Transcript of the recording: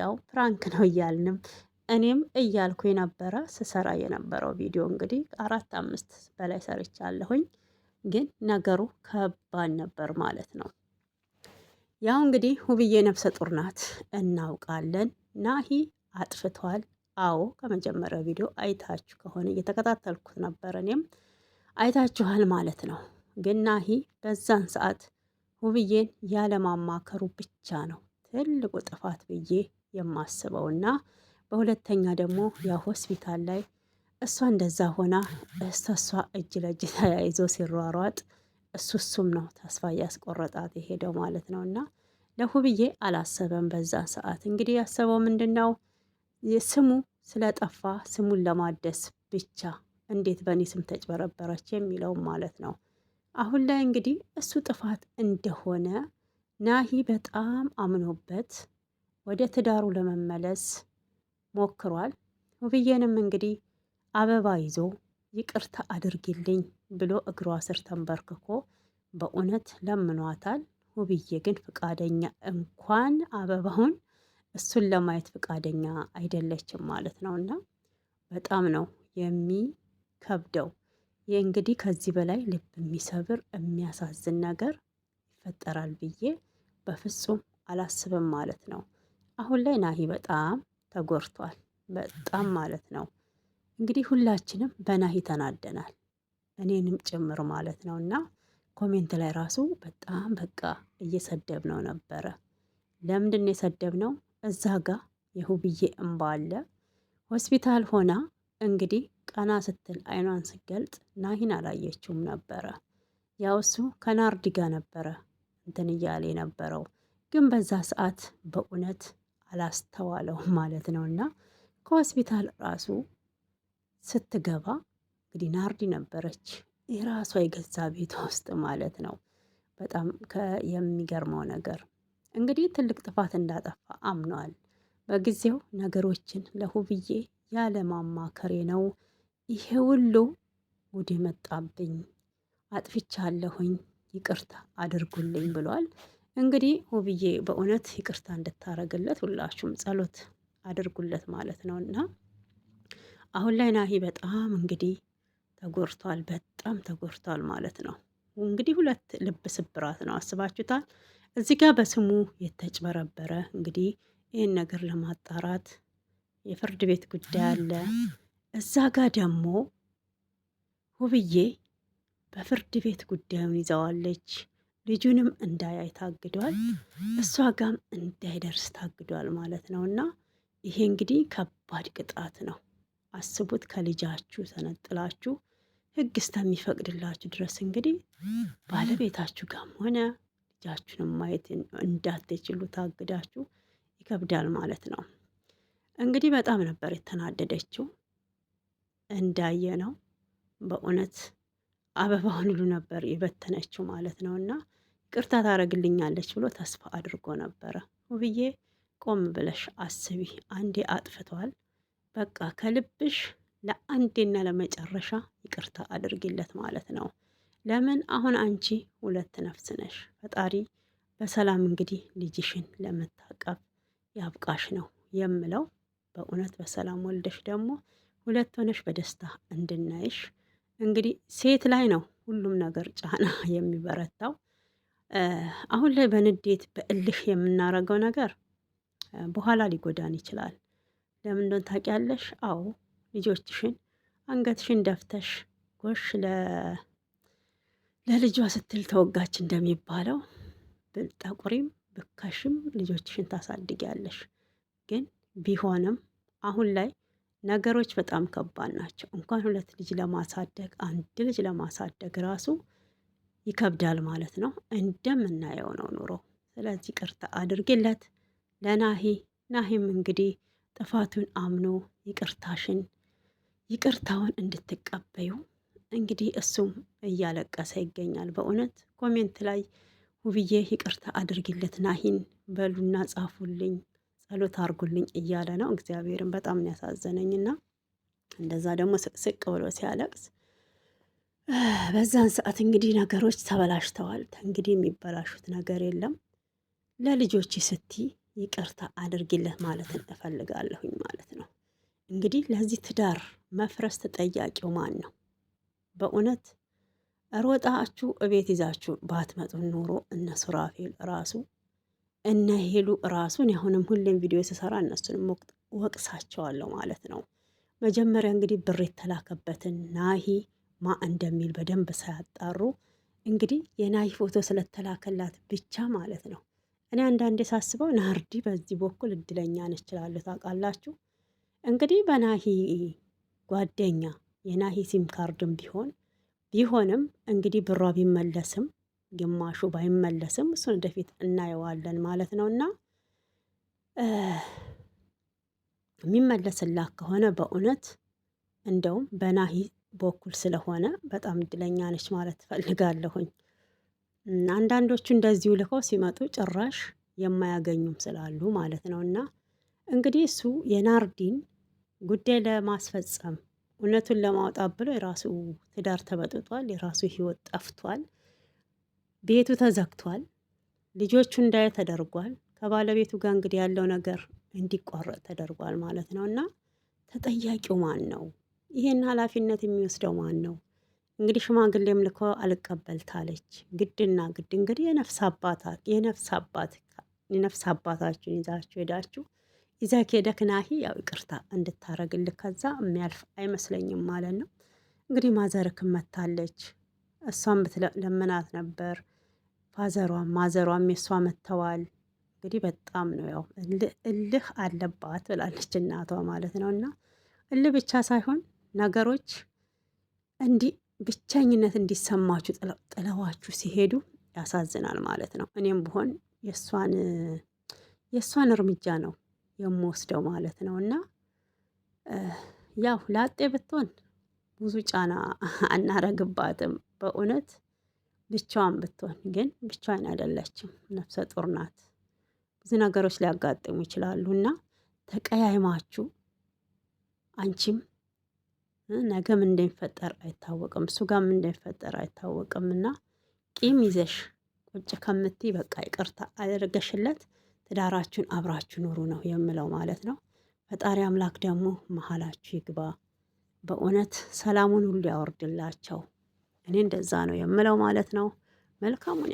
ያው ፕራንክ ነው እያልንም እኔም እያልኩ የነበረ ስሰራ የነበረው ቪዲዮ እንግዲህ አራት አምስት በላይ ሰርቻለሁኝ። ግን ነገሩ ከባድ ነበር ማለት ነው። ያው እንግዲህ ውብዬ ነፍሰ ጡር ናት እናውቃለን። ናሂ አጥፍቷል። አዎ ከመጀመሪያው ቪዲዮ አይታችሁ ከሆነ እየተከታተልኩት ነበር፣ እኔም አይታችኋል ማለት ነው። ግን ናሂ በዛን ሰዓት ሁብዬን ያለማማከሩ ብቻ ነው ትልቁ ጥፋት ብዬ የማስበው እና በሁለተኛ ደግሞ ያ ሆስፒታል ላይ እሷ እንደዛ ሆና እሷ እጅ ለእጅ ተያይዞ ሲሯሯጥ እሱ እሱም ነው ተስፋ እያስቆረጣት የሄደው ማለት ነው። እና ለሁብዬ አላሰበም። በዛ ሰዓት እንግዲህ ያሰበው ምንድን ነው? ስሙ ስለጠፋ ስሙን ለማደስ ብቻ እንዴት በእኔ ስም ተጭበረበረች የሚለውም ማለት ነው። አሁን ላይ እንግዲህ እሱ ጥፋት እንደሆነ ናሂ በጣም አምኖበት ወደ ትዳሩ ለመመለስ ሞክሯል። ውብዬንም እንግዲህ አበባ ይዞ ይቅርታ አድርጊልኝ ብሎ እግሯ ስር ተንበርክኮ በእውነት ለምኗታል። ውብዬ ግን ፍቃደኛ እንኳን አበባውን እሱን ለማየት ፍቃደኛ አይደለችም ማለት ነው። እና በጣም ነው የሚከብደው። ይህ እንግዲህ ከዚህ በላይ ልብ የሚሰብር የሚያሳዝን ነገር ይፈጠራል ብዬ በፍጹም አላስብም ማለት ነው። አሁን ላይ ናሂ በጣም ተጎድቷል፣ በጣም ማለት ነው። እንግዲህ ሁላችንም በናሂ ተናደናል፣ እኔንም ጭምር ማለት ነው። እና ኮሜንት ላይ ራሱ በጣም በቃ እየሰደብ ነው ነበረ። ለምንድን የሰደብ ነው? እዛ ጋ የሁብዬ እምባ አለ ሆስፒታል ሆና እንግዲህ ቀና ስትል አይኗን ስገልጥ ናሂን አላየችውም ነበረ። ያው እሱ ከናርዲ ጋ ነበረ እንትን እያለ የነበረው ግን በዛ ሰዓት በእውነት አላስተዋለው ማለት ነው። እና ከሆስፒታል ራሱ ስትገባ እንግዲህ ናርዲ ነበረች የራሷ የገዛ ቤቷ ውስጥ ማለት ነው። በጣም የሚገርመው ነገር እንግዲህ ትልቅ ጥፋት እንዳጠፋ አምኗል። በጊዜው ነገሮችን ለሁብዬ ያለ ማማከሬ ነው ይሄ ሁሉ ጉድ መጣብኝ፣ አጥፍቻለሁኝ ይቅርታ አድርጉልኝ ብሏል። እንግዲህ ሁብዬ በእውነት ይቅርታ እንድታረግለት ሁላችሁም ጸሎት አድርጉለት ማለት ነው እና አሁን ላይ ናሂ በጣም እንግዲህ ተጎርቷል በጣም ተጎርቷል ማለት ነው። እንግዲህ ሁለት ልብ ስብራት ነው አስባችሁታል። እዚህ ጋር በስሙ የተጭበረበረ እንግዲህ ይህን ነገር ለማጣራት የፍርድ ቤት ጉዳይ አለ። እዛ ጋር ደግሞ ሁብዬ። በፍርድ ቤት ጉዳዩን ይዘዋለች። ልጁንም እንዳያይ ታግዷል፣ እሷ ጋም እንዳይደርስ ታግዷል ማለት ነው። እና ይሄ እንግዲህ ከባድ ቅጣት ነው። አስቡት፣ ከልጃችሁ ተነጥላችሁ ሕግ እስከሚፈቅድላችሁ ድረስ እንግዲህ ባለቤታችሁ ጋም ሆነ ልጃችሁንም ማየት እንዳትችሉ ታግዳችሁ ይከብዳል ማለት ነው። እንግዲህ በጣም ነበር የተናደደችው እንዳየ ነው በእውነት አበባውን ሁሉ ነበር የበተነችው ማለት ነው። እና ይቅርታ ታደርግልኛለች ብሎ ተስፋ አድርጎ ነበረ። ውብዬ ቆም ብለሽ አስቢ። አንዴ አጥፍቷል፣ በቃ ከልብሽ ለአንዴና ለመጨረሻ ይቅርታ አድርጊለት ማለት ነው። ለምን አሁን አንቺ ሁለት ነፍስ ነሽ። ፈጣሪ በሰላም እንግዲህ ልጅሽን ለመታቀብ ያብቃሽ ነው የምለው። በእውነት በሰላም ወልደሽ ደግሞ ሁለት ሆነሽ በደስታ እንድናይሽ እንግዲህ ሴት ላይ ነው ሁሉም ነገር ጫና የሚበረታው። አሁን ላይ በንዴት በእልህ የምናረገው ነገር በኋላ ሊጎዳን ይችላል። ለምን እንደሆነ ታውቂያለሽ? አዎ ልጆችሽን አንገትሽን ደፍተሽ ጎሽ ለልጇ ስትል ተወጋች እንደሚባለው ጠቁሪም ብከሽም ልጆችሽን ታሳድጊያለሽ። ግን ቢሆንም አሁን ላይ ነገሮች በጣም ከባድ ናቸው። እንኳን ሁለት ልጅ ለማሳደግ አንድ ልጅ ለማሳደግ ራሱ ይከብዳል ማለት ነው። እንደምናየው ነው ኑሮ። ስለዚህ ቅርታ አድርግለት ለናሂ። ናሂም እንግዲህ ጥፋቱን አምኖ ይቅርታሽን ይቅርታውን እንድትቀበዩ እንግዲህ እሱም እያለቀሰ ይገኛል። በእውነት ኮሜንት ላይ ውብዬ ይቅርታ አድርጌለት ናሂን በሉና ጻፉልኝ። ጸሎት አርጉልኝ እያለ ነው። እግዚአብሔርን በጣም ያሳዘነኝ እና እንደዛ ደግሞ ስቅስቅ ብሎ ሲያለቅስ በዛን ሰዓት እንግዲህ ነገሮች ተበላሽተዋል። እንግዲህ የሚበላሹት ነገር የለም። ለልጆች ስቲ ይቅርታ አድርጊለት ማለትን እፈልጋለሁኝ ማለት ነው። እንግዲህ ለዚህ ትዳር መፍረስ ተጠያቂው ማን ነው? በእውነት ሮጣችሁ እቤት ይዛችሁ ባትመጡ ኑሮ እነ ሱራፌል ራሱ እና ሄሉ ራሱን አሁንም ሁሌም ቪዲዮ ስሰራ እነሱንም ወቅሳቸዋለሁ ማለት ነው። መጀመሪያ እንግዲህ ብር የተላከበትን ናሂ ማ እንደሚል በደንብ ሳያጣሩ እንግዲህ የናሂ ፎቶ ስለተላከላት ብቻ ማለት ነው። እኔ አንዳንዴ ሳስበው ናርዲ በዚህ በኩል እድለኛ ነች እላለሁ። ታውቃላችሁ እንግዲህ በናሂ ጓደኛ የናሂ ሲም ካርድም ቢሆን ቢሆንም እንግዲህ ብሯ ቢመለስም ግማሹ ባይመለስም እሱን ወደፊት እናየዋለን ማለት ነው እና የሚመለስላት ከሆነ በእውነት እንደውም በናሂ በኩል ስለሆነ በጣም እድለኛ ነች ማለት ፈልጋለሁኝ። አንዳንዶቹ እንደዚሁ ልከው ሲመጡ ጭራሽ የማያገኙም ስላሉ ማለት ነው እና እንግዲህ እሱ የናርዲን ጉዳይ ለማስፈጸም እውነቱን ለማውጣት ብሎ የራሱ ትዳር ተበጥጧል፣ የራሱ ህይወት ጠፍቷል። ቤቱ ተዘግቷል። ልጆቹ እንዳይ ተደርጓል። ከባለቤቱ ጋር እንግዲህ ያለው ነገር እንዲቋረጥ ተደርጓል ማለት ነው እና ተጠያቂው ማን ነው? ይሄን ኃላፊነት የሚወስደው ማን ነው? እንግዲህ ሽማግሌም ልኮ አልቀበልታለች። ግድና ግድ እንግዲህ የነፍስ አባት የነፍስ አባታችሁን ይዛችሁ ሄዳችሁ ይዛ ከሄደ ክናሂ ያው ይቅርታ እንድታረግልህ ከዛ የሚያልፍ አይመስለኝም ማለት ነው። እንግዲህ ማዘርክ መታለች። እሷን ብትለምናት ነበር ፋዘሯም ማዘሯም የሷ መጥተዋል። እንግዲህ በጣም ነው ያው እልህ አለባት ብላለች እናቷ ማለት ነው። እና እልህ ብቻ ሳይሆን ነገሮች እንዲህ ብቸኝነት እንዲሰማችሁ ጥለዋችሁ ሲሄዱ ያሳዝናል ማለት ነው። እኔም ብሆን የእሷን የእሷን እርምጃ ነው የምወስደው ማለት ነው። እና ያው ላጤ ብትሆን ብዙ ጫና አናረግባትም በእውነት ብቻዋን ብትሆን ግን ብቻዋን አይደለችም፣ ነፍሰ ጡር ናት። ብዙ ነገሮች ሊያጋጥሙ ይችላሉ እና ተቀያይማችሁ አንቺም ነገም እንደሚፈጠር አይታወቅም፣ እሱ ጋም እንደሚፈጠር አይታወቅም። እና ቂም ይዘሽ ቁጭ ከምትይ በቃ ይቅርታ አደረገሽለት ትዳራችሁን አብራችሁ ኑሩ ነው የምለው ማለት ነው። ፈጣሪ አምላክ ደግሞ መሀላችሁ ይግባ። በእውነት ሰላሙን ሁሉ ያወርድላቸው። እኔ እንደዛ ነው የምለው ማለት ነው። መልካሙን